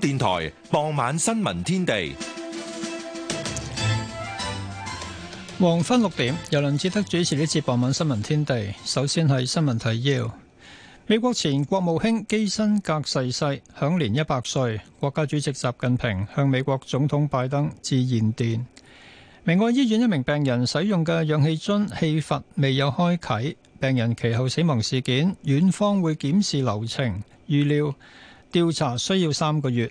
電台傍晚新聞天地，黃昏六點，由林志德主持呢次傍晚新聞天地。首先係新聞提要：美國前國務卿基辛格逝世，享年一百歲。國家主席習近平向美國總統拜登致唁電。明愛醫院一名病人使用嘅氧氣樽氣閥未有開啟，病人其後死亡事件，院方會檢視流程，預料。調查需要三個月。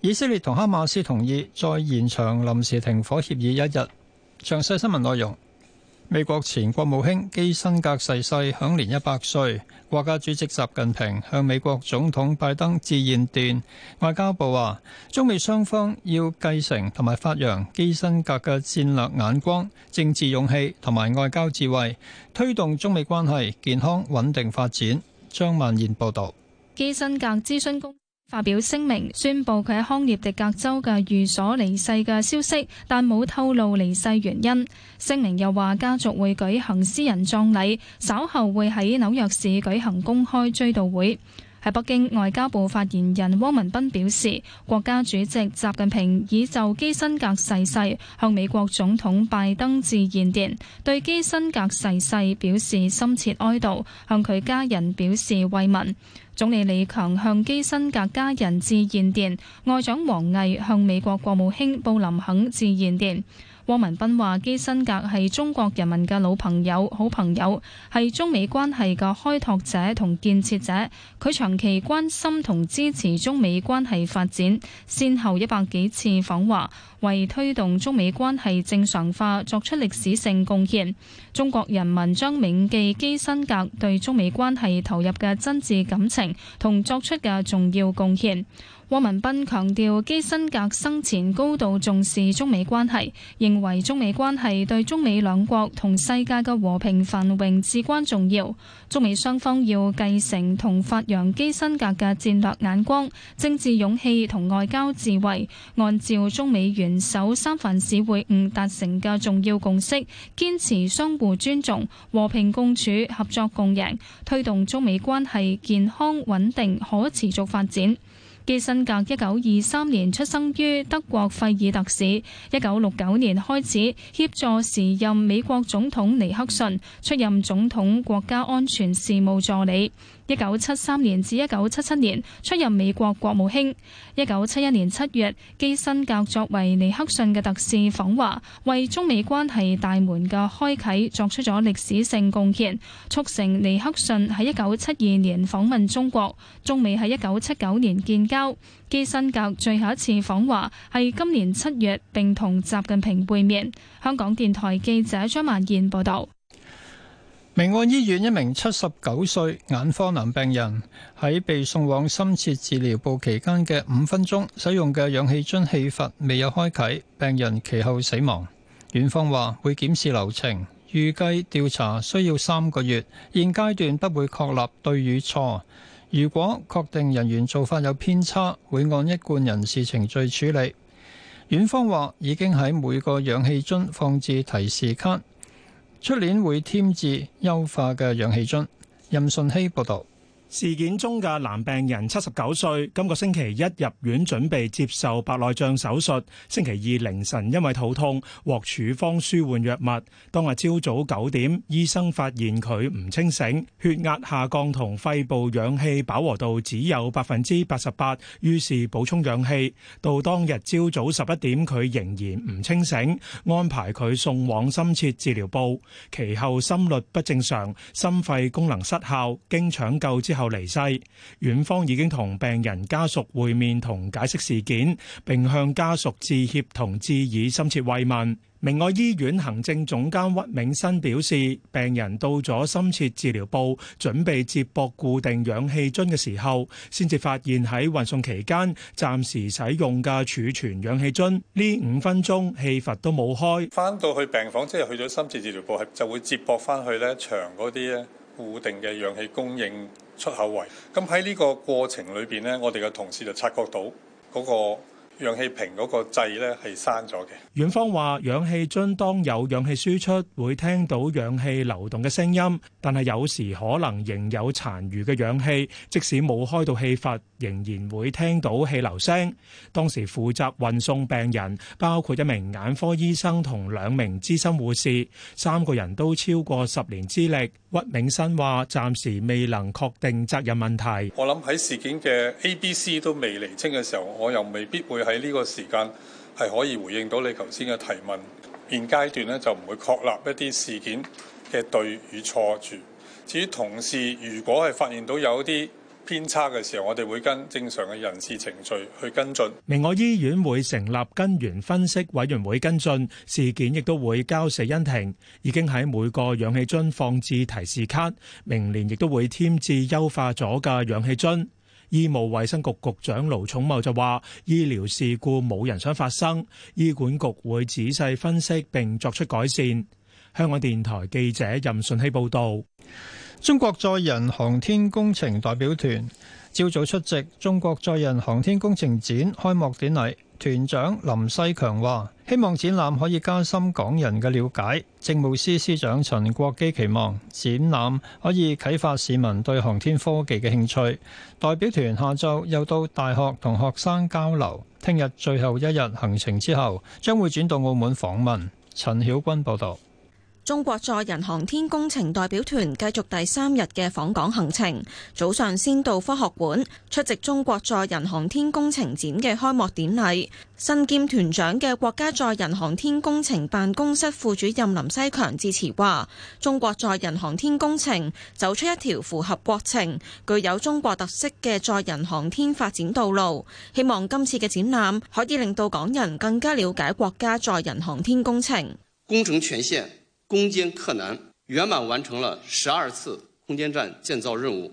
以色列同哈馬斯同意再延長臨時停火協議一日。詳細新聞內容。美國前國務卿基辛格逝世，享年一百歲。國家主席習近平向美國總統拜登致唁電，外交部話：中美雙方要繼承同埋發揚基辛格嘅戰略眼光、政治勇氣同埋外交智慧，推動中美關係健康穩定發展。張曼燕報導。基辛格諮詢公司發表聲明，宣布佢喺康涅狄格州嘅寓所離世嘅消息，但冇透露離世原因。聲明又話，家族會舉行私人葬禮，稍後會喺紐約市舉行公開追悼會。喺北京，外交部發言人汪文斌表示，國家主席習近平已就基辛格逝世向美國總統拜登致唁電，對基辛格逝世表示深切哀悼，向佢家人表示慰問。總理李強向基辛格家人致唁電，外長王毅向美國國務卿布林肯致唁電。汪文斌話：基辛格係中國人民嘅老朋友、好朋友，係中美關係嘅開拓者同建設者。佢長期關心同支持中美關係發展，先後一百幾次訪華，為推動中美關係正常化作出歷史性貢獻。中國人民將銘記基辛格對中美關係投入嘅真摯感情同作出嘅重要貢獻。汪文斌強調，基辛格生前高度重視中美關係，認為中美關係對中美兩國同世界嘅和平繁榮至關重要。中美雙方要繼承同發揚基辛格嘅戰略眼光、政治勇氣同外交智慧，按照中美元首三藩市會晤達成嘅重要共識，堅持相互尊重、和平共處、合作共贏，推動中美關係健康穩定可持續發展。基辛格一九二三年出生於德國費爾特市，一九六九年開始協助時任美國總統尼克遜出任總統國家安全事務助理。一九七三年至一九七七年出任美國國務卿。一九七一年七月，基辛格作為尼克遜嘅特使訪華，為中美關係大門嘅開啟作出咗歷史性貢獻，促成尼克遜喺一九七二年訪問中國，中美喺一九七九年建交。基辛格最後一次訪華係今年七月，並同習近平會面。香港電台記者張曼燕報道。明愛醫院一名七十九歲眼科男病人喺被送往深切治療部期間嘅五分鐘，使用嘅氧氣樽氣閥未有開啟，病人其後死亡。院方話會檢視流程，預計調查需要三個月，現階段不會確立對與錯。如果確定人員做法有偏差，會按一貫人事程序處理。院方話已經喺每個氧氣樽放置提示卡。出年會添置優化嘅氧氣樽。任信希報導。事件中嘅男病人七十九歲，今個星期一入院準備接受白內障手術。星期二凌晨因為肚痛獲處方舒緩藥物。當日朝早九點，醫生發現佢唔清醒，血壓下降同肺部氧氣飽和度只有百分之八十八，於是補充氧氣。到當日朝早十一點，佢仍然唔清醒，安排佢送往深切治療部。其後心律不正常，心肺功能失效，經搶救之後。後離世，院方已經同病人家屬會面同解釋事件，並向家屬致歉同致以深切慰問。明愛醫院行政總監屈銘新表示，病人到咗深切治療部準備接駁固定氧氣樽嘅時候，先至發現喺運送期間暫時使用嘅儲存氧氣樽，呢五分鐘氣閥都冇開。翻到去病房，即係去咗深切治療部，係就會接駁翻去呢牆嗰啲咧固定嘅氧氣供應。出口位，咁喺呢個過程裏邊呢，我哋嘅同事就察覺到嗰個氧氣瓶嗰個掣呢係閂咗嘅。院方話，氧氣樽當有氧氣輸出，會聽到氧氣流動嘅聲音，但係有時可能仍有殘餘嘅氧氣，即使冇開到氣閥，仍然會聽到氣流聲。當時負責運送病人，包括一名眼科醫生同兩名資深護士，三個人都超過十年資歷。屈銘新話：暫時未能確定責任問題。我諗喺事件嘅 A、B、C 都未釐清嘅時候，我又未必會喺呢個時間係可以回應到你頭先嘅提問。現階段咧就唔會確立一啲事件嘅對與錯住。至於同事，如果係發現到有一啲，偏差嘅時候，我哋會跟正常嘅人事程序去跟進。明愛醫院會成立根源分析委員會跟進事件，亦都會交死因庭。已經喺每個氧氣樽放置提示卡，明年亦都會添置優化咗嘅氧氣樽。醫務衛生局局長盧寵茂就話醫療事故冇人想發生，醫管局會仔細分析並作出改善。香港電台記者任順希報道。中國載人航天工程代表團朝早出席中國載人航天工程展開幕典禮，團長林西強話：希望展覽可以加深港人嘅了解。政務司司長陳國基期望展覽可以啟發市民對航天科技嘅興趣。代表團下晝又到大學同學生交流，聽日最後一日行程之後，將會轉到澳門訪問。陳曉君報道。中國載人航天工程代表團繼續第三日嘅訪港行程，早上先到科學館出席中國載人航天工程展嘅開幕典禮。身兼團長嘅國家載人航天工程辦公室副主任林西強致辭話，中國載人航天工程走出一條符合國情、具有中國特色嘅載人航天發展道路。希望今次嘅展覽可以令到港人更加了解國家載人航天工程工程權限。攻堅克難，圓滿完成了十二次空間站建造任務，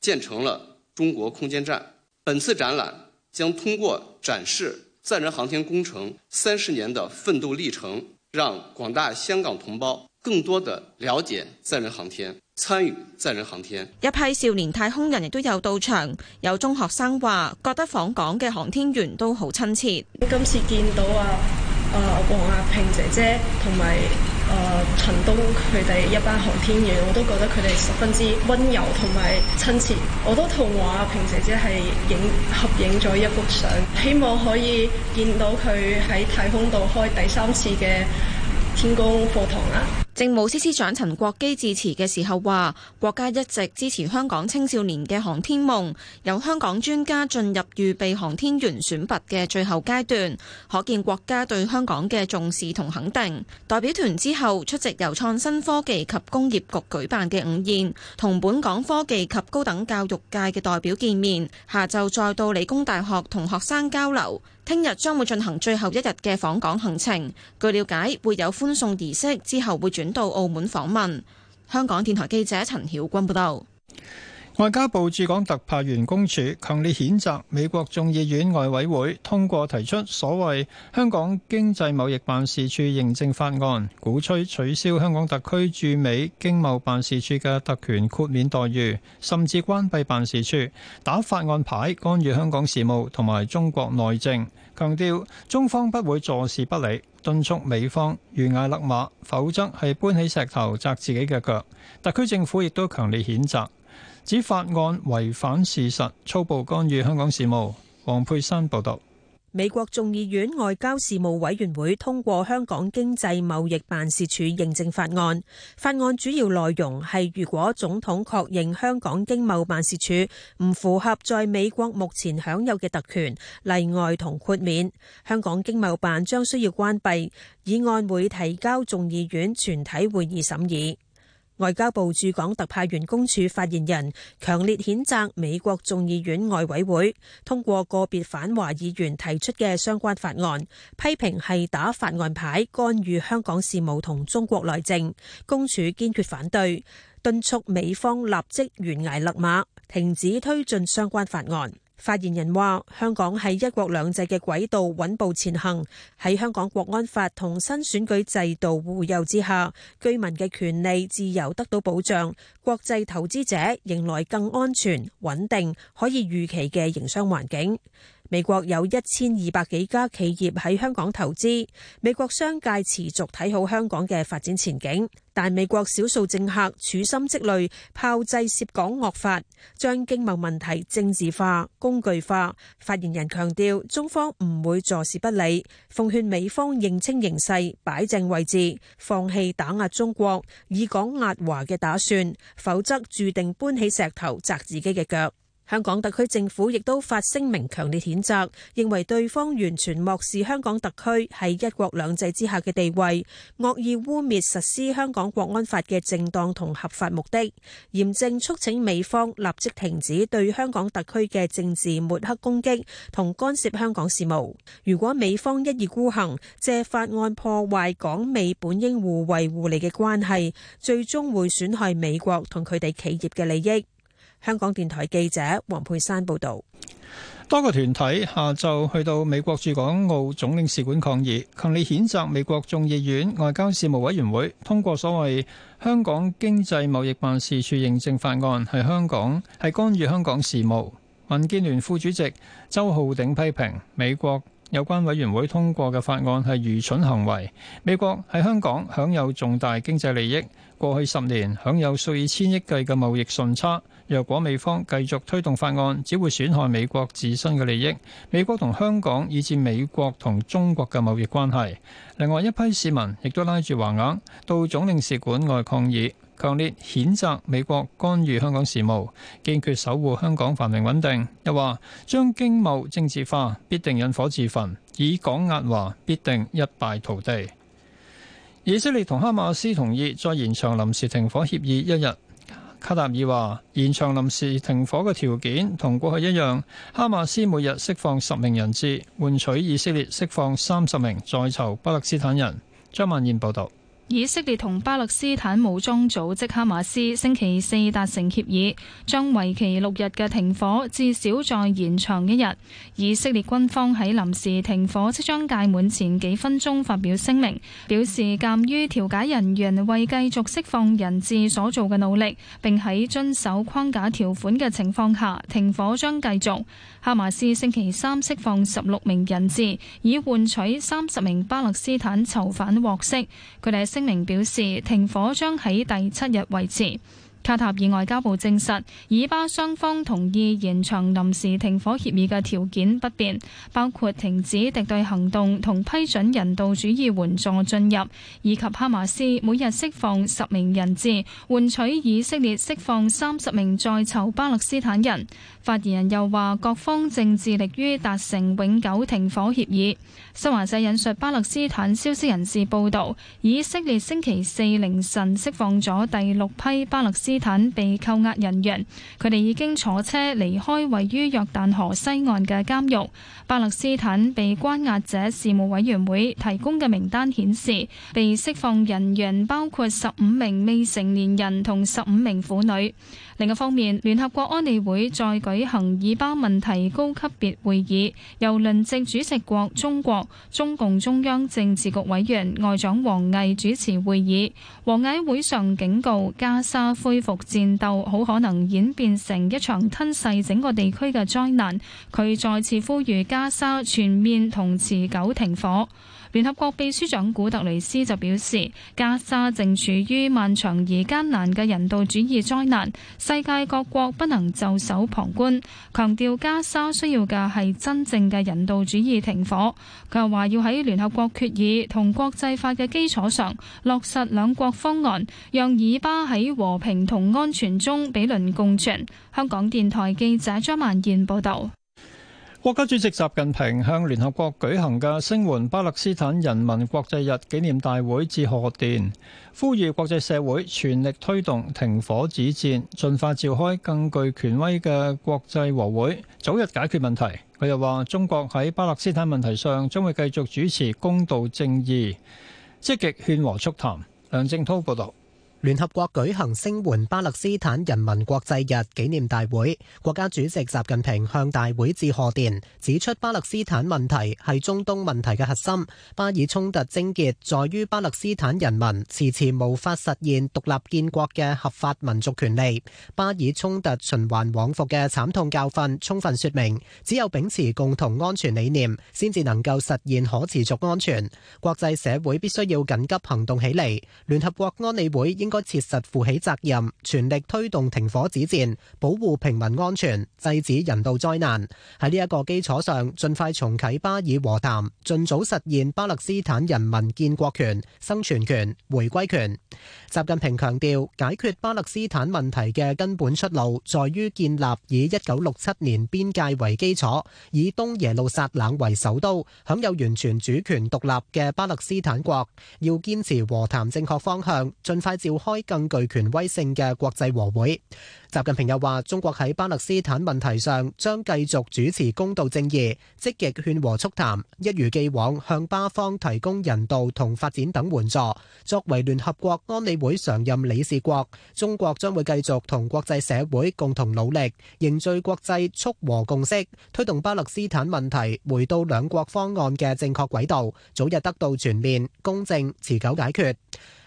建成了中國空間站。本次展覽將通過展示載人航天工程三十年的奮鬥歷程，讓廣大香港同胞更多的了解載人航天，參與載人航天。一批少年太空人亦都有到場，有中學生話覺得訪港嘅航天員都好親切。今次見到啊，啊、呃、王亞平姐姐同埋。誒、uh, 陳冬佢哋一班航天員，我都覺得佢哋十分之溫柔同埋親切。我都同我阿平姐姐係影合影咗一幅相，希望可以見到佢喺太空度開第三次嘅天宮課堂啦。政務司司長陳國基致辭嘅時候話：國家一直支持香港青少年嘅航天夢，有香港專家進入預備航天員選拔嘅最後階段，可見國家對香港嘅重視同肯定。代表團之後出席由創新科技及工業局舉辦嘅午宴，同本港科技及高等教育界嘅代表見面，下晝再到理工大學同學生交流。聽日將會進行最後一日嘅訪港行程，據了解會有歡送儀式，之後會轉到澳門訪問。香港電台記者陳曉君報導。外交部駐港特派員公署強烈譴責美國眾議院外委會通過提出所謂香港經濟貿易辦事處認證法案，鼓吹取消香港特區駐美經貿辦事處嘅特權豁免待遇，甚至關閉辦事處，打法案牌干預香港事務同埋中國內政。強調中方不會坐視不理，敦促美方懸崖勒馬，否則係搬起石頭砸自己嘅腳。特區政府亦都強烈譴責。指法案違反事實，粗暴干預香港事務。黃佩珊報道，美國眾議院外交事務委員會通過香港經濟貿易辦事處認證法案。法案主要內容係，如果總統確認香港經貿辦事處唔符合在美國目前享有嘅特權、例外同豁免，香港經貿辦將需要關閉。議案會提交眾議院全體會議審議。外交部駐港特派員公署發言人強烈譴責美國眾議院外委會通過個別反華議員提出嘅相關法案，批評係打法案牌干預香港事務同中國內政，公署堅決反對，敦促美方立即懸崖勒馬，停止推進相關法案。發言人話：香港喺一國兩制嘅軌道穩步前行，喺香港國安法同新選舉制度護佑之下，居民嘅權利自由得到保障，國際投資者迎來更安全、穩定、可以預期嘅營商環境。美國有一千二百幾家企業喺香港投資，美國商界持續睇好香港嘅發展前景，但美國少數政客處心積慮炮製涉港惡法，將經貿問題政治化、工具化。發言人強調，中方唔會坐視不理，奉勸美方認清形勢，擺正位置，放棄打壓中國、以港壓華嘅打算，否則注定搬起石頭砸自己嘅腳。香港特區政府亦都發聲明強烈譴責，認為對方完全漠視香港特區喺一國兩制之下嘅地位，惡意污衊實施香港國安法嘅正當同合法目的，嚴正促請美方立即停止對香港特區嘅政治抹黑攻擊同干涉香港事務。如果美方一意孤行，借法案破壞港美本應互惠互利嘅關係，最終會損害美國同佢哋企業嘅利益。香港電台記者黃佩珊報道，多個團體下晝去到美國駐港澳總領事館抗議，強烈譴責美國眾議院外交事務委員會通過所謂香港經濟貿易辦事處認證法案，係香港係干預香港事務。民建聯副主席周浩鼎批評美國。有關委員會通過嘅法案係愚蠢行為。美國喺香港享有重大經濟利益，過去十年享有數以千億計嘅貿易順差。若果美方繼續推動法案，只會損害美國自身嘅利益，美國同香港以至美國同中國嘅貿易關係。另外一批市民亦都拉住橫額到總領事館外抗議。強烈譴責美國干預香港事務，堅決守護香港繁榮穩定。又話將經貿政治化必定引火自焚，以港壓華必定一敗塗地。以色列同哈馬斯同意再延長臨時停火協議一日。卡達爾話延長臨時停火嘅條件同過去一樣，哈馬斯每日釋放十名人質，換取以色列釋放三十名在囚巴勒斯坦人。張萬燕報導。以色列同巴勒斯坦武裝組織哈馬斯星期四達成協議，將為期六日嘅停火至少再延長一日。以色列軍方喺臨時停火即將屆滿前幾分鐘發表聲明，表示鑒於調解人員為繼續釋放人質所做嘅努力，並喺遵守框架條款嘅情況下，停火將繼續。哈馬斯星期三釋放十六名人質，以換取三十名巴勒斯坦囚犯獲釋。佢哋喺聲明表示，停火將喺第七日維持。卡塔爾外交部證實，以巴雙方同意延長臨時停火協議嘅條件不變，包括停止敵對行動、同批准人道主義援助進入，以及哈馬斯每日釋放十名人質，換取以色列釋放三十名在囚巴勒斯坦人。發言人又話，各方正致力於達成永久停火協議。新華社引述巴勒斯坦消息人士報道，以色列星期四凌晨釋放咗第六批巴勒斯坦被扣押人員，佢哋已經坐車離開位於約旦河西岸嘅監獄。巴勒斯坦被關押者事務委員會提供嘅名單顯示，被釋放人員包括十五名未成年人同十五名婦女。另一方面，聯合國安理會再舉行以巴問題高級別會議，由輪值主席國中國、中共中央政治局委員外長王毅主持會議，王毅會上警告，加沙恢復戰鬥好可能演變成一場吞噬整個地區嘅災難，佢再次呼籲加沙全面同持久停火。聯合國秘書長古特雷斯就表示，加沙正處於漫長而艱難嘅人道主義災難。世界各國不能袖手旁觀，強調，加沙需要嘅係真正嘅人道主義停火。佢又話要喺聯合國決議同國際法嘅基礎上，落實兩國方案，讓以巴喺和平同安全中比鄰共存。香港電台記者張曼燕報道。國家主席習近平向聯合國舉行嘅聲援巴勒斯坦人民國際日紀念大會致賀電，呼籲國際社會全力推動停火止戰，盡快召開更具權威嘅國際和會，早日解決問題。佢又話：中國喺巴勒斯坦問題上將會繼續主持公道正義，積極勸和促談。梁正濤報道。聯合國舉行聲援巴勒斯坦人民國際日紀念大會，國家主席習近平向大會致賀電，指出巴勒斯坦問題係中東問題嘅核心，巴以衝突症結在於巴勒斯坦人民遲遲無法實現獨立建國嘅合法民族權利。巴以衝突循環往復嘅慘痛教訓，充分說明只有秉持共同安全理念，先至能夠實現可持續安全。國際社會必須要緊急行動起嚟，聯合國安理會應。應該切實負起責任，全力推動停火止戰，保護平民安全，制止人道災難。喺呢一個基礎上，盡快重啟巴以和談，盡早實現巴勒斯坦人民建國權、生存權、回歸權。習近平強調，解決巴勒斯坦問題嘅根本出路，在於建立以一九六七年邊界為基礎、以東耶路撒冷為首都、享有完全主權獨立嘅巴勒斯坦國。要堅持和談正確方向，盡快召開更具權威性嘅國際和會。習近平又話：中國喺巴勒斯坦問題上將繼續主持公道正義，積極勸和促談，一如既往向巴方提供人道同發展等援助。作為聯合國安理會常任理事國，中國將會繼續同國際社會共同努力，凝聚國際促和共識，推動巴勒斯坦問題回到兩國方案嘅正確軌道，早日得到全面、公正、持久解決。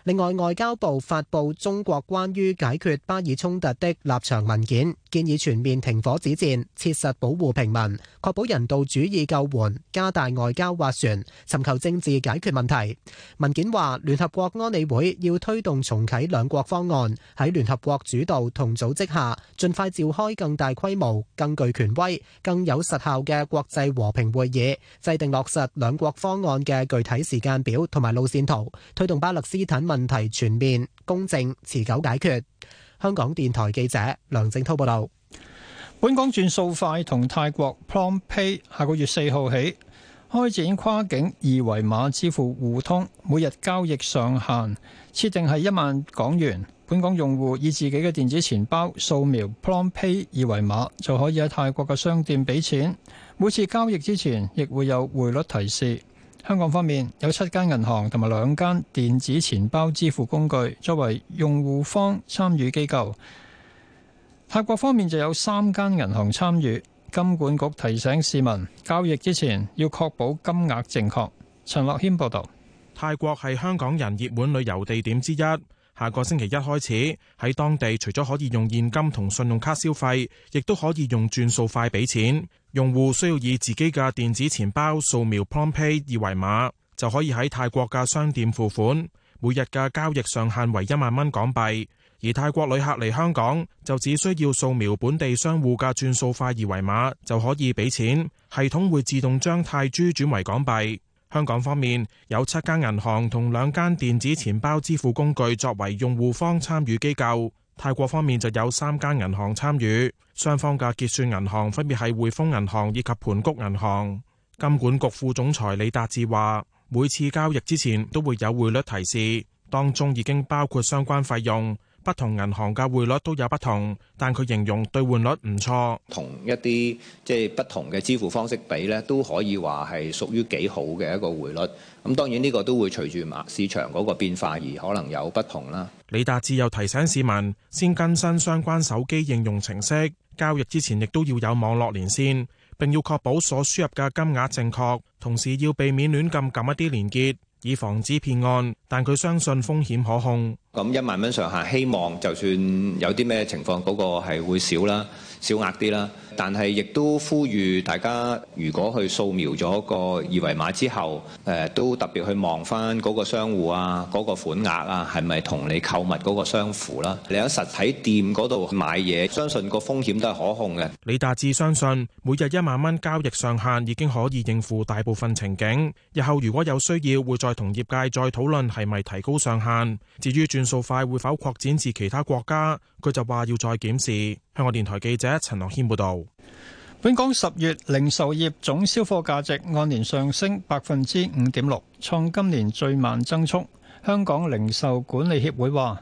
另外，外交部發布中國關於解決巴以衝突的立場文件。建議全面停火止戰，切實保護平民，確保人道主義救援，加大外交斡旋，尋求政治解決問題。文件話，聯合國安理會要推動重啟兩國方案，喺聯合國主導同組織下，盡快召開更大規模、更具權威、更有實效嘅國際和平會議，制定落實兩國方案嘅具體時間表同埋路線圖，推動巴勒斯坦問題全面、公正、持久解決。香港電台記者梁靜濤報道，本港轉數快同泰國 PromptPay 下個月四號起開展跨境二維碼支付互通，每日交易上限設定係一萬港元。本港用戶以自己嘅電子錢包掃描 PromptPay 二維碼，就可以喺泰國嘅商店俾錢。每次交易之前，亦會有匯率提示。香港方面有七間銀行同埋兩間電子錢包支付工具作為用戶方參與機構。泰國方面就有三間銀行參與。金管局提醒市民交易之前要確保金額正確。陳樂謙報道。泰國係香港人熱門旅遊地點之一。下個星期一開始喺當地，除咗可以用現金同信用卡消費，亦都可以用轉數快俾錢。用戶需要以自己嘅電子錢包掃描 PromptPay 二維碼，就可以喺泰國嘅商店付款。每日嘅交易上限為一萬蚊港幣。而泰國旅客嚟香港就只需要掃描本地商戶嘅轉數快二維碼就可以俾錢，系統會自動將泰銖轉為港幣。香港方面有七間銀行同兩間電子錢包支付工具作為用戶方參與機構，泰國方面就有三間銀行參與，雙方嘅結算銀行分別係匯豐銀行以及盤谷銀行。金管局副總裁李達志話，每次交易之前都會有匯率提示，當中已經包括相關費用。不同銀行嘅匯率都有不同，但佢形容兌換率唔錯，同一啲即係不同嘅支付方式比呢，都可以話係屬於幾好嘅一個匯率。咁當然呢個都會隨住市場嗰個變化而可能有不同啦。李達志又提醒市民，先更新相關手機應用程式，交易之前亦都要有網絡連線，並要確保所輸入嘅金額正確，同時要避免亂撳撳一啲連結。以防止騙案，但佢相信風險可控。咁一萬蚊上下，希望就算有啲咩情況，嗰個係會少啦，少額啲啦。但係亦都呼籲大家，如果去掃描咗個二維碼之後誒、呃、都特別去望翻嗰個商戶啊、嗰、那個款額啊，係咪同你購物嗰個相符啦？你喺實體店嗰度買嘢，相信個風險都係可控嘅。李達志相信每日一萬蚊交易上限已經可以應付大部分情景。日後如果有需要，會再同業界再討論係咪提高上限。至於轉數快會否擴展至其他國家，佢就話要再檢視。香港電台記者陳樂謙報道。本港十月零售業總銷貨價值按年上升百分之五點六，創今年最慢增速。香港零售管理協會話：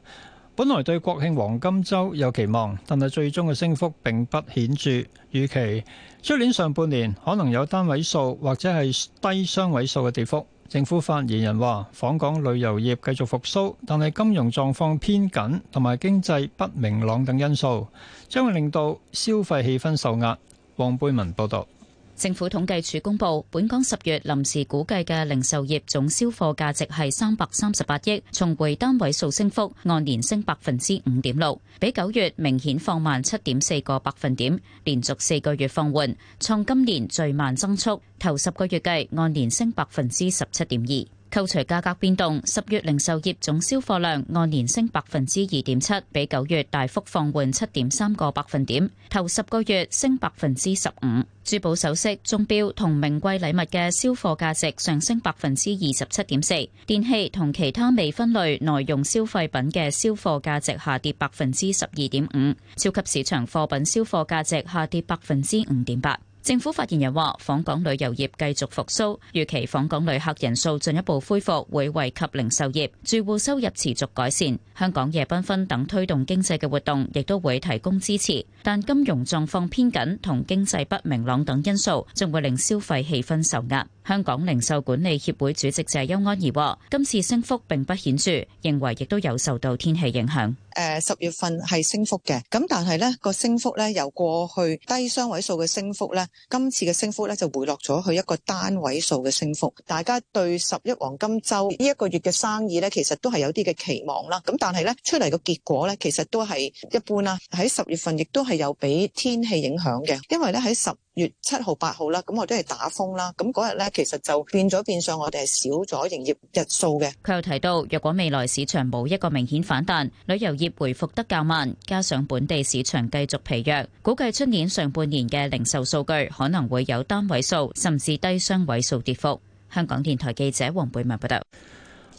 本來對國慶黃金周有期望，但係最終嘅升幅並不顯著。預期出年上半年可能有單位數或者係低雙位數嘅跌幅。政府發言人話：訪港旅遊業繼續復蘇，但係金融狀況偏緊同埋經濟不明朗等因素，將會令到消費氣氛受壓。黃貝文報道，政府統計處公布本港十月臨時估計嘅零售業總銷貨價值係三百三十八億，重回單位數升幅，按年升百分之五點六，比九月明顯放慢七點四個百分點，連續四個月放緩，創今年最慢增速。頭十個月計按年升百分之十七點二。扣除價格變動，十月零售業總銷貨量按年升百分之二點七，比九月大幅放緩七點三個百分點，頭十個月升百分之十五。珠寶首飾、鐘錶同名貴禮物嘅銷貨價值上升百分之二十七點四，電器同其他未分類耐用消費品嘅銷貨價值下跌百分之十二點五，超級市場貨品銷貨價值下跌百分之五點八。政府發言人話，訪港旅遊業繼續復甦，預期訪港旅客人數進一步恢復會惠及零售業、住戶收入持續改善、香港夜繽紛等推動經濟嘅活動，亦都會提供支持。但金融狀況偏緊同經濟不明朗等因素，將會令消費氣氛受壓。香港零售管理協會主席謝邱安怡話：今次升幅並不顯著，認為亦都有受到天氣影響。誒、呃，十月份係升幅嘅，咁但係呢、呢個升幅咧由過去低雙位數嘅升幅咧，今次嘅升幅咧就回落咗去一個單位數嘅升幅。大家對十一黃金周呢一個月嘅生意咧，其實都係有啲嘅期望啦。咁但係咧，出嚟個結果咧，其實都係一般啦。喺十月份亦都係有俾天氣影響嘅，因為咧喺十月七號、八號啦，咁我都係打風啦。咁嗰日呢，其實就變咗變相，我哋係少咗營業日數嘅。佢又提到，若果未來市場冇一個明顯反彈，旅遊業回復得較慢，加上本地市場繼續疲弱，估計出年上半年嘅零售數據可能會有單位數甚至低雙位數跌幅。香港電台記者黃貝文報道。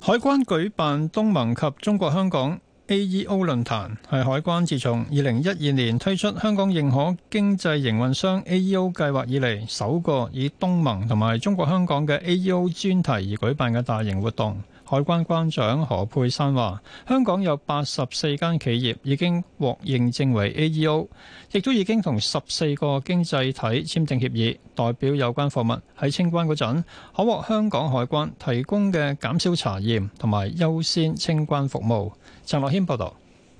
海關舉辦東盟及中國香港 AEO 論壇係海關自從二零一二年推出香港認可經濟營運商 AEO 計劃以嚟，首個以東盟同埋中國香港嘅 AEO 專題而舉辦嘅大型活動。海關關長何佩珊話，香港有八十四間企業已經獲認證為 AEO，亦都已經同十四個經濟體簽訂協議，代表有關貨物，喺清關嗰陣可獲香港海關提供嘅減少查驗同埋優先清關服務。陳樂謙報道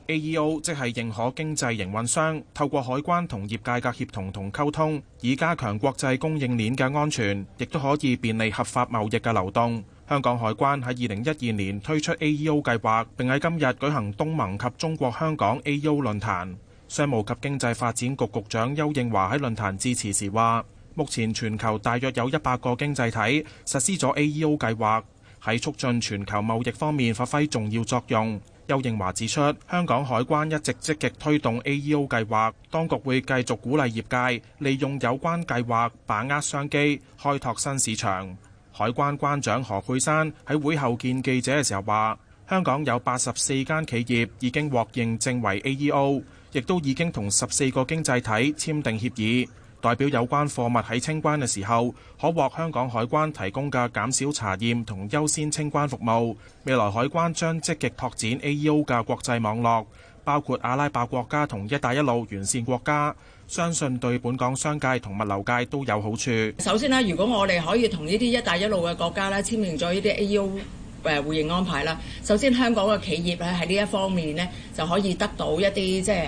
，AEO 即係認可經濟營運商，透過海關同業界嘅協同同溝通，以加強國際供應鏈嘅安全，亦都可以便利合法貿易嘅流動。香港海關喺二零一二年推出 AEO 計劃，並喺今日舉行東盟及中國香港 AEO 論壇。商務及經濟發展局局長邱應華喺論壇致辭時話：目前全球大約有一百個經濟體實施咗 AEO 計劃，喺促進全球貿易方面發揮重要作用。邱應華指出，香港海關一直積極推動 AEO 計劃，當局會繼續鼓勵業界利用有關計劃，把握商機，開拓新市場。海關關長何佩珊喺會後見記者嘅時候話，香港有八十四間企業已經獲認證為 AEO，亦都已經同十四個經濟體簽訂協議。代表有關貨物喺清關嘅時候，可獲香港海關提供嘅減少查驗同優先清關服務。未來海關將積極拓展 AEO 嘅國際網絡，包括阿拉伯國家同「一帶一路」完善國家，相信對本港商界同物流界都有好處。首先啦，如果我哋可以同呢啲「一帶一路」嘅國家啦簽訂咗呢啲 AEO 誒互認安排啦。首先，香港嘅企業咧喺呢一方面咧就可以得到一啲即係誒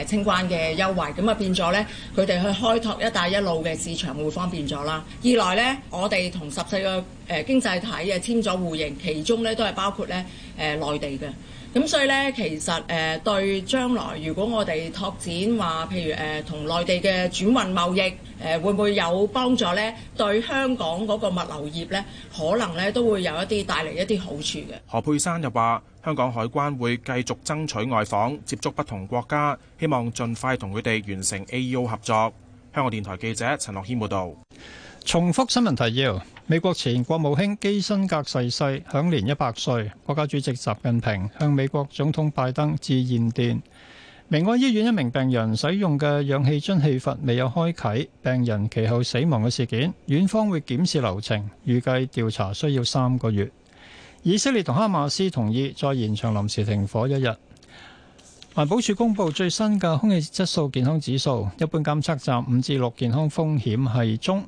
誒清關嘅優惠，咁啊變咗咧，佢哋去開拓一帶一路嘅市場會方便咗啦。二來咧，我哋同十四個誒經濟體啊簽咗互認，其中咧都係包括咧誒內地嘅。咁所以咧，其實誒、呃、對將來如果我哋拓展話譬如誒同、呃、內地嘅轉運貿易，誒、呃、會唔會有幫助咧？對香港嗰個物流業咧，可能咧都會有一啲帶嚟一啲好處嘅。何佩珊又話，香港海關會繼續爭取外訪接觸不同國家，希望盡快同佢哋完成 AEO 合作。香港電台記者陳樂謙報道。重複新聞提要：美國前國務卿基辛格逝世，享年一百歲。國家主席習近平向美國總統拜登致唁電。明愛醫院一名病人使用嘅氧氣樽氣閥未有開啟，病人其後死亡嘅事件，院方會檢視流程，預計調查需要三個月。以色列同哈馬斯同意再延長臨時停火一日。環保署公布最新嘅空氣質素健康指數，一般監測站五至六健康風險係中。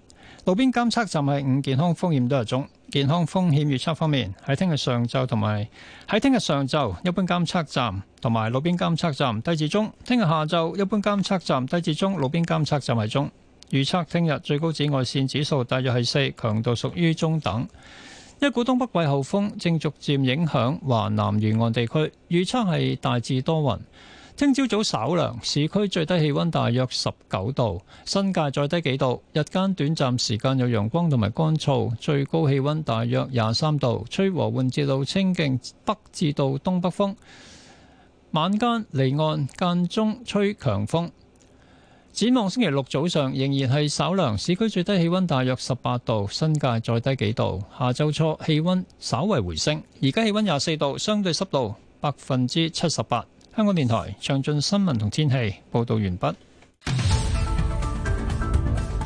路邊監測站係五健康風險，都係中健康風險。預測方面，喺聽日上晝同埋喺聽日上晝一般監測站同埋路邊監測站低至中，聽日下晝一般監測站低至中，路邊監測站係中。預測聽日最高紫外線指數大約係四，強度屬於中等。一股東北季候風正逐漸影響華南沿岸地區，預測係大致多雲。聽朝早早稍涼，市區最低氣溫大約十九度，新界再低幾度。日間短暫時間有陽光同埋乾燥，最高氣溫大約廿三度，吹和緩至到清勁北至到東北風。晚間離岸間中吹強風。展望星期六早上仍然係稍涼，市區最低氣溫大約十八度，新界再低幾度。下周初氣溫稍為回升，而家氣溫廿四度，相對濕度百分之七十八。香港電台詳盡新聞同天氣報道完畢。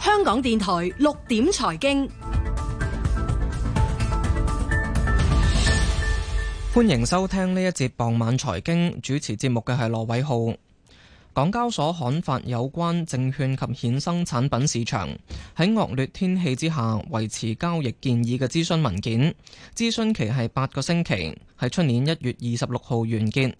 香港電台六點財經，歡迎收聽呢一節傍晚財經，主持節目嘅係羅偉浩。港交所刊發有關證券及衍生產品市場喺惡劣天氣之下維持交易建議嘅諮詢文件，諮詢期係八個星期，喺出年一月二十六號完結。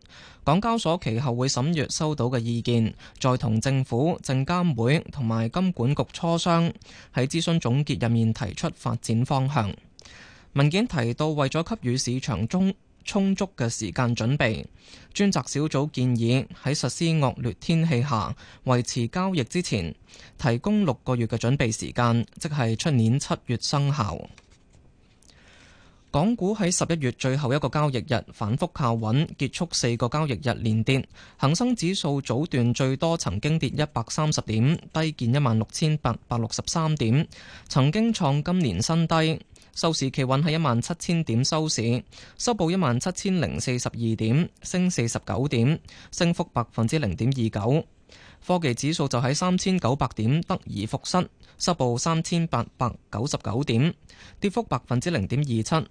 港交所其後會審閱收到嘅意見，再同政府、證監會同埋金管局磋商，喺諮詢總結入面提出發展方向。文件提到，為咗給予市場中充足嘅時間準備，專責小組建議喺實施惡劣天氣下維持交易之前，提供六個月嘅準備時間，即係出年七月生效。港股喺十一月最後一個交易日反覆靠穩，結束四個交易日連跌。恒生指數早段最多曾經跌一百三十點，低見一萬六千八百六十三點，曾經創今年新低。收市企穩喺一萬七千點收市，收報一萬七千零四十二點，升四十九點，升幅百分之零點二九。科技指數就喺三千九百點，得而複失，收報三千八百九十九點，跌幅百分之零點二七。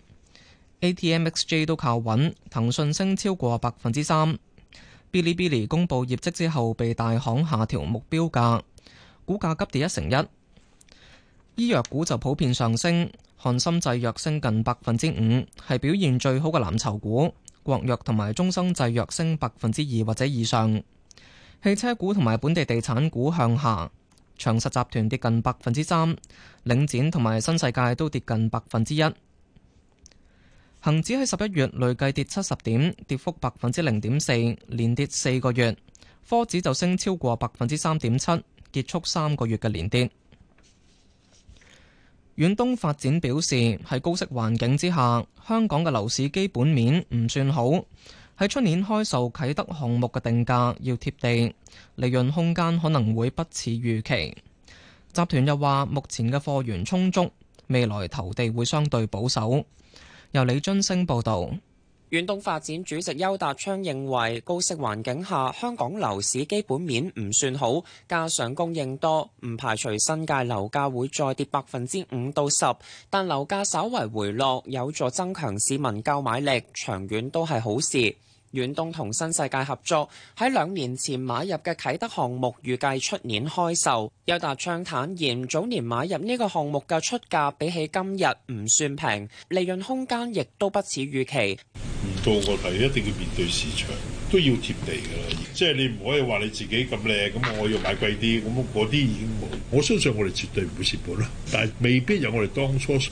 A T M X J 都靠穩，騰訊升超過百分之三。Bilibili 公布業績之後，被大行下調目標價，股價急跌一成一。醫藥股就普遍上升。翰森製藥升近百分之五，係表現最好嘅藍籌股。國藥同埋中生製藥升百分之二或者以上。汽車股同埋本地地產股向下，長實集團跌近百分之三，領展同埋新世界都跌近百分之一。恒指喺十一月累計跌七十點，跌幅百分之零點四，連跌四個月。科指就升超過百分之三點七，結束三個月嘅連跌。遠東發展表示，喺高息環境之下，香港嘅樓市基本面唔算好。喺出年開售啟德項目嘅定價要貼地，利潤空間可能會不似預期。集團又話，目前嘅貨源充足，未來投地會相對保守。由李津升報道。遠東發展主席邱達昌認為，高息環境下香港樓市基本面唔算好，加上供應多，唔排除新界樓價會再跌百分之五到十。但樓價稍為回落，有助增強市民購買力，長遠都係好事。遠東同新世界合作喺兩年前買入嘅啟德項目，預計出年開售。邱達昌坦言，早年買入呢個項目嘅出價比起今日唔算平，利潤空間亦都不似預期。唔到我睇，一定要面對市場，都要貼地噶啦。即係你唔可以話你自己咁靚，咁我要買貴啲，咁嗰啲已經冇。我相信我哋絕對唔會蝕本啦，但係未必有我哋當初想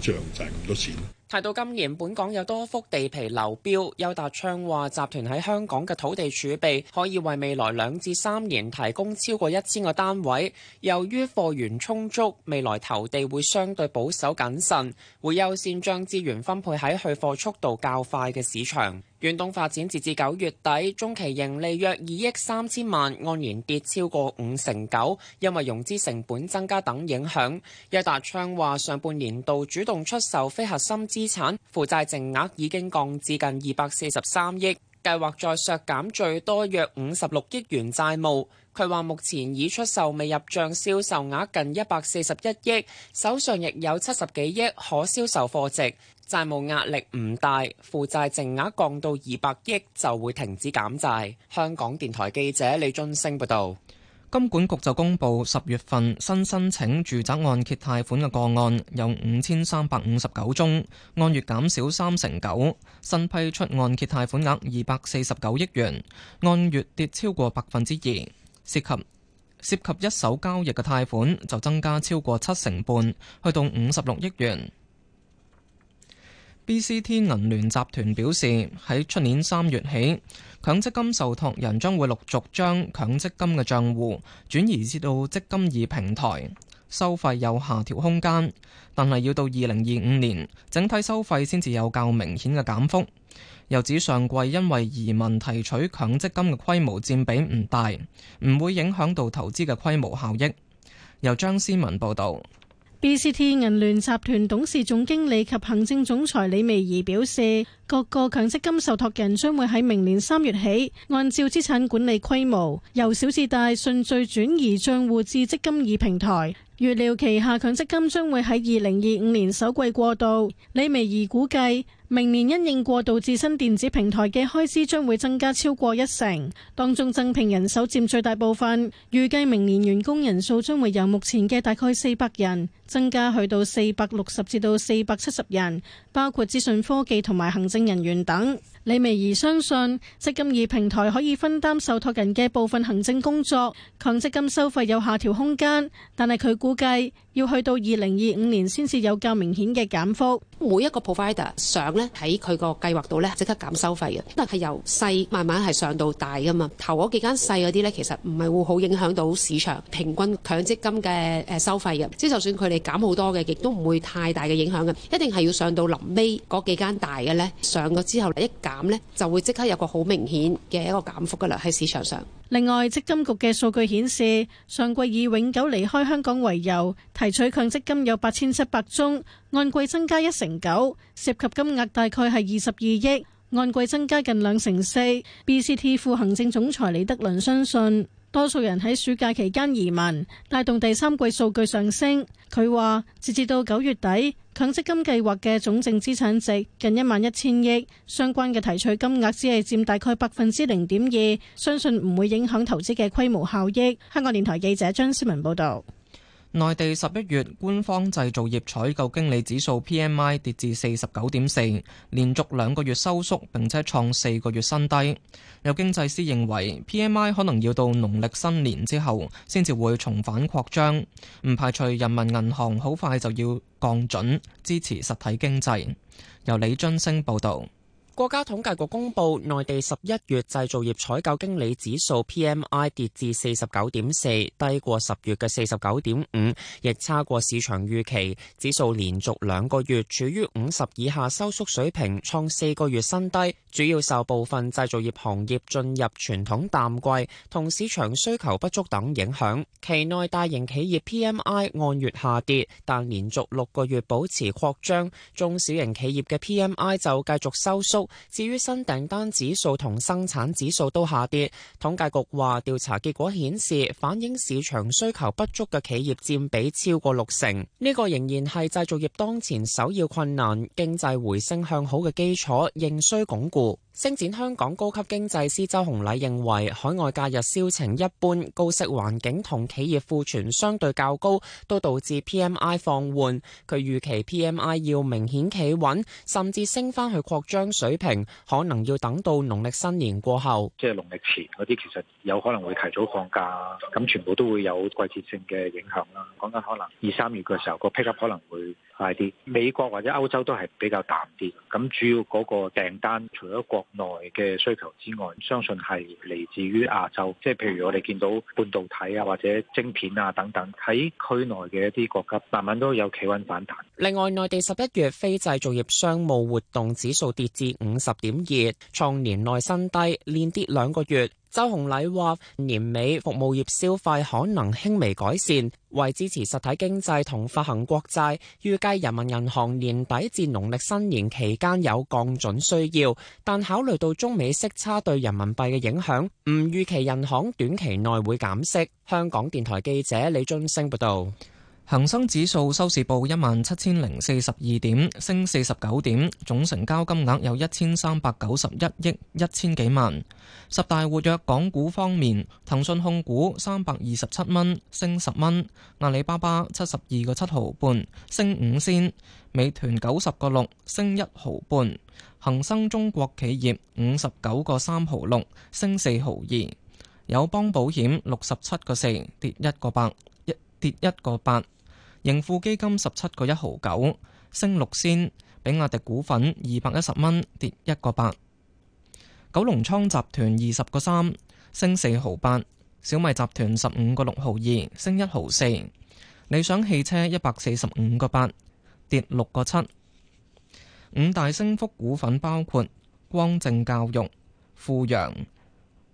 象賺咁多錢。提到今年本港有多幅地皮流標，邱達昌話集團喺香港嘅土地儲備可以為未來兩至三年提供超過一千個單位。由於貨源充足，未來投地會相對保守謹慎，會優先將資源分配喺去貨速度較快嘅市場。遠東發展截至九月底中期盈利約二億三千萬，按年跌超過五成九，因為融資成本增加等影響。邱達昌話，上半年度主動出售非核心資產，負債淨額已經降至近二百四十三億，計劃再削減最多約五十六億元債務。佢話目前已出售未入賬銷售額近一百四十一億，手上亦有七十幾億可銷售貨值。債務壓力唔大，負債淨額降到二百億就會停止減債。香港電台記者李津升報道，金管局就公布十月份新申請住宅按揭貸款嘅個案有五千三百五十九宗，按月減少三成九，新批出按揭貸款額二百四十九億元，按月跌超過百分之二，涉及涉及一手交易嘅貸款就增加超過七成半，去到五十六億元。BCT 銀聯集團表示，喺出年三月起，強積金受託人將會陸續將強積金嘅帳戶轉移至到積金易平台，收費有下調空間，但係要到二零二五年，整體收費先至有較明顯嘅減幅。又指上季因為移民提取強積金嘅規模佔比唔大，唔會影響到投資嘅規模效益。由張思文報導。B.C.T 銀聯集團董事總經理及行政總裁李薇儀表示，各個強積金受託人將會喺明年三月起，按照資產管理規模由小至大順序轉移賬戶至積金易平台，預料旗下強積金將會喺二零二五年首季過渡。李薇儀估計，明年因應過渡自身電子平台嘅開支將會增加超過一成。當中增聘人手佔最大部分，預計明年員工人數將會由目前嘅大概四百人，增加去到四百六十至到四百七十人，包括資訊科技同埋行政人員等。李薇兒相信積金易平台可以分擔受託人嘅部分行政工作，強積金收費有下調空間。但係佢估計要去到二零二五年先至有較明顯嘅減幅。每一個 provider 上呢，喺佢個計劃度呢，即刻減收費嘅，但係由細慢慢係上到大㗎嘛。頭嗰幾間細嗰啲呢，其實唔係會好影響到市場平均強積金嘅誒收費嘅，即就算佢哋。減好多嘅，亦都唔會太大嘅影響嘅，一定係要上到臨尾嗰幾間大嘅咧，上咗之後一減咧，就會即刻有個好明顯嘅一個減幅噶啦，喺市場上。另外，積金局嘅數據顯示，上季以永久離開香港為由提取強積金有八千七百宗，按季增加一成九，涉及金額大概係二十二億，按季增加近兩成四。BCT 副行政總裁李德倫相信。多數人喺暑假期間移民，帶動第三季數據上升。佢話，截至到九月底，強積金計劃嘅總淨資產值近一萬一千億，相關嘅提取金額只係佔大概百分之零點二，相信唔會影響投資嘅規模效益。香港電台記者張思文報道。內地十一月官方製造業採購經理指數 PMI 跌至四十九點四，連續兩個月收縮，並且創四個月新低。有經濟師認為，PMI 可能要到農曆新年之後，先至會重返擴張。唔排除人民銀行好快就要降準，支持實體經濟。由李津升報導。國家統計局公布，內地十一月製造業採購經理指數 PMI 跌至四十九點四，低過十月嘅四十九點五，亦差過市場預期。指數連續兩個月處於五十以下收縮水平，創四個月新低，主要受部分製造業行業進入傳統淡季同市場需求不足等影響。期內大型企業 PMI 按月下跌，但連續六個月保持擴張，中小型企業嘅 PMI 就繼續收縮。至於新訂單指數同生產指數都下跌，統計局話調查結果顯示，反映市場需求不足嘅企業占比超過六成，呢個仍然係製造業當前首要困難，經濟回升向好嘅基礎仍需鞏固。星展香港高級經濟師周洪禮認為，海外假日銷情一般，高息環境同企業庫存相對較高，都導致 PMI 放緩。佢預期 PMI 要明顯企穩，甚至升翻去擴張水平，可能要等到農曆新年過後，即係農曆前嗰啲，其實有可能會提早放假，咁全部都會有季節性嘅影響啦。講緊可能二三月嘅時候，個 pick up 可能會。快啲，美國或者歐洲都係比較淡啲。咁主要嗰個訂單，除咗國內嘅需求之外，相信係嚟自於亞洲，即係譬如我哋見到半導體啊，或者晶片啊等等，喺區內嘅一啲國家慢慢都有企穩反彈。另外，內地十一月非製造業商務活動指數跌至五十點二，創年內新低，連跌兩個月。周洪禮話：年尾服務業消費可能輕微改善，為支持實體經濟同發行國債，預計人民銀行年底至農曆新年期間有降準需要，但考慮到中美息差對人民幣嘅影響，唔預期銀行短期內會減息。香港電台記者李津升報道。恒生指數收市報一萬七千零四十二點，升四十九點，總成交金額有一千三百九十一億一千幾萬。十大活躍港股方面，騰訊控股三百二十七蚊，升十蚊；阿里巴巴七十二個七毫半，升五仙；美團九十個六，升一毫半；恒生中國企業五十九個三毫六，升四毫二；友邦保險六十七個四，跌一個八，一跌一個八。盈富基金十七個一毫九升六仙，比亞迪股份二百一十蚊跌一個八，九龍倉集團二十個三升四毫八，小米集團十五個六毫二升一毫四，理想汽車一百四十五個八跌六個七。五大升幅股份包括光正教育、富陽、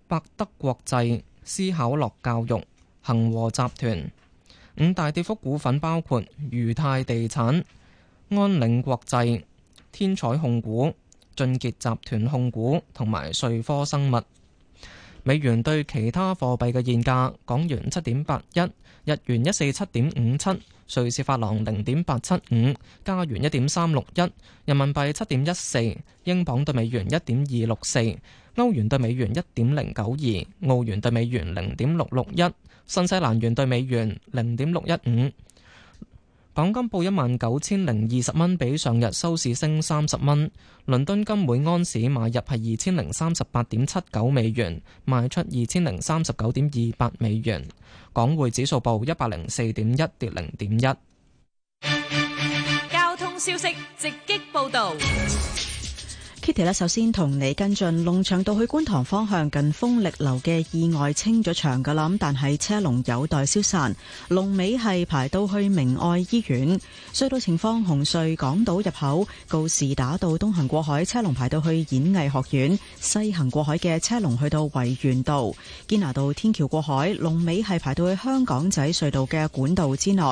百德國際、思考樂教育、恒和集團。五大跌幅股份包括裕泰地產、安領國際、天彩控股、俊傑集團控股同埋瑞科生物。美元對其他貨幣嘅現價：港元七點八一，日元一四七點五七，瑞士法郎零點八七五，加元一點三六一，人民幣七點一四，英鎊兌美元一點二六四，歐元兌美元一點零九二，澳元兌美元零點六六一。新西蘭元兌美元零點六一五，港金報一萬九千零二十蚊，比上日收市升三十蚊。倫敦金每安士買入係二千零三十八點七九美元，賣出二千零三十九點二八美元。港匯指數報一百零四點一，跌零點一。交通消息直擊報道。Kitty 咧，首先同你跟進龍翔道去觀塘方向近風力樓嘅意外清咗場噶，咁但係車龍有待消散。龍尾係排到去明愛醫院隧道情況，紅隧港島入口告士打道東行過海車龍排到去演藝學院，西行過海嘅車龍去到維園道堅拿道天橋過海，龍尾係排到去香港仔隧道嘅管道之內。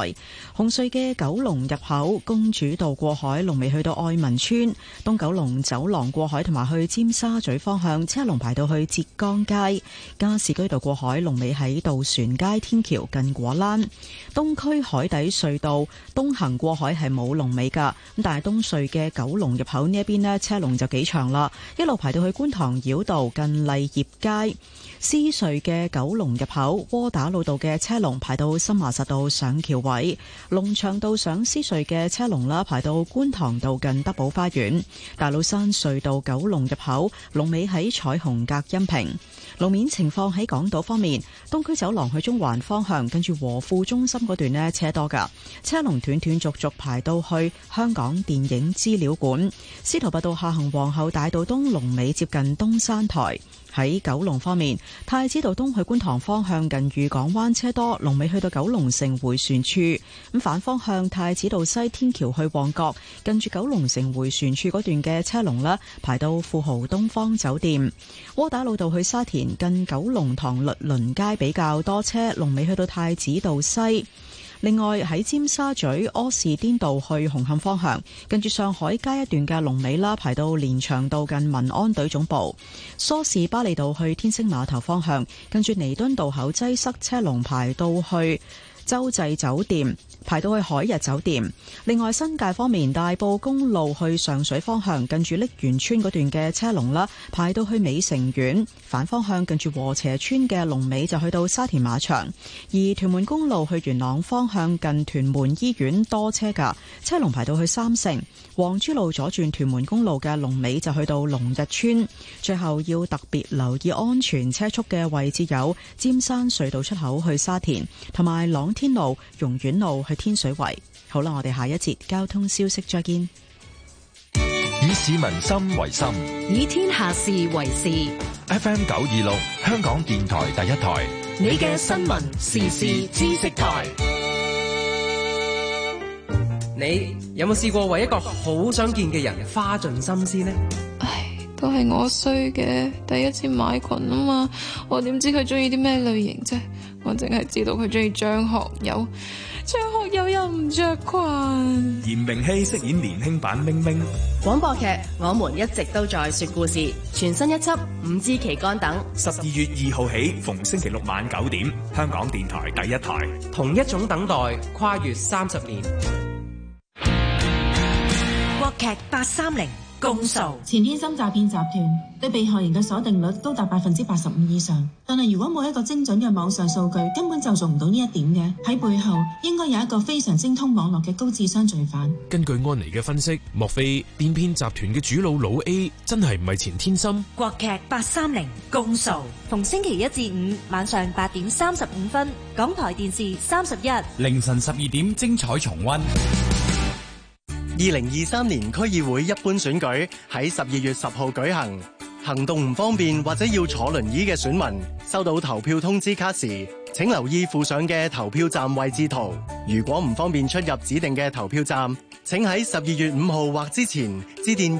紅隧嘅九龍入口公主道過海龍尾去到愛民邨東九龍走廊。過海同埋去尖沙咀方向車龍排到去浙江街、加士居道過海龍尾喺渡船街天橋近果欄；東區海底隧道東行過海係冇龍尾噶，咁但係東隧嘅九龍入口呢一邊咧車龍就幾長啦，一路排到去觀塘繞道近麗業街；獅隧嘅九龍入口窩打老道嘅車龍排到深華實道上橋位，龍翔道上獅隧嘅車龍啦排到觀塘道近德寶花園、大老山隧隧道九龍入口，龍尾喺彩虹隔音屏。路面情況，喺港島方面，東區走廊去中環方向，跟住和富中心嗰段呢，車多㗎，車龍斷斷續續排到去香港電影資料館。司徒拔道下行皇后大道東，龍尾接近東山台。喺九龍方面，太子道東去觀塘方向近御港灣車多，龍尾去到九龍城回旋處。咁反方向太子道西天橋去旺角，近住九龍城回旋處嗰段嘅車龍咧排到富豪東方酒店。窩打老道去沙田，近九龍塘律倫街比較多車，龍尾去到太子道西。另外喺尖沙咀柯士甸道去紅磡方向，近住上海街一段嘅龍尾啦，排到連翔道近民安隊總部。梳士巴利道去天星碼頭方向，近住彌敦道口擠塞，塞車龍，排到去洲際酒店。排到去海逸酒店。另外新界方面，大埔公路去上水方向，近住瀝源邨嗰段嘅車龍啦，排到去美城苑。反方向近住禾輋邨嘅龍尾就去到沙田馬場。而屯門公路去元朗方向，近屯門醫院多車噶，車龍排到去三聖。皇珠路左轉屯門公路嘅龍尾就去到龍逸邨。最後要特別留意安全車速嘅位置有：尖山隧道出口去沙田，同埋朗天路、榕苑路去天水圍，好啦，我哋下一節交通消息再見。以市民心為心，以天下事為事。FM 九二六，香港電台第一台，你嘅新聞時事知識台。你有冇試過為一個好想見嘅人花盡心思呢？唉，都係我衰嘅，第一次買裙啊嘛，我點知佢中意啲咩類型啫？我淨係知道佢中意張學友、張學。.唔着裙，嚴明熙飾演年輕版《明明》廣播劇，我們一直都在說故事，全新一輯《五枝旗杆》等，十二月二號起，逢星期六晚九點，香港電台第一台。同一種等待，跨越三十年。廣播劇八三零。公訴，供前天心詐騙集團對被害人嘅鎖定率高達百分之八十五以上，但係如果冇一個精準嘅網上數據，根本就做唔到呢一點嘅，喺背後應該有一個非常精通網絡嘅高智商罪犯。根據安妮嘅分析，莫非電騙集團嘅主腦老，老 A 真係唔係前天心？國劇八三零公訴，逢星期一至五晚上八點三十五分，港台電視三十一，凌晨十二點精彩重溫。二零二三年區議會一般選舉喺十二月十號舉行。行動唔方便或者要坐輪椅嘅選民收到投票通知卡時，請留意附上嘅投票站位置圖。如果唔方便出入指定嘅投票站，請喺十二月五號或之前致電。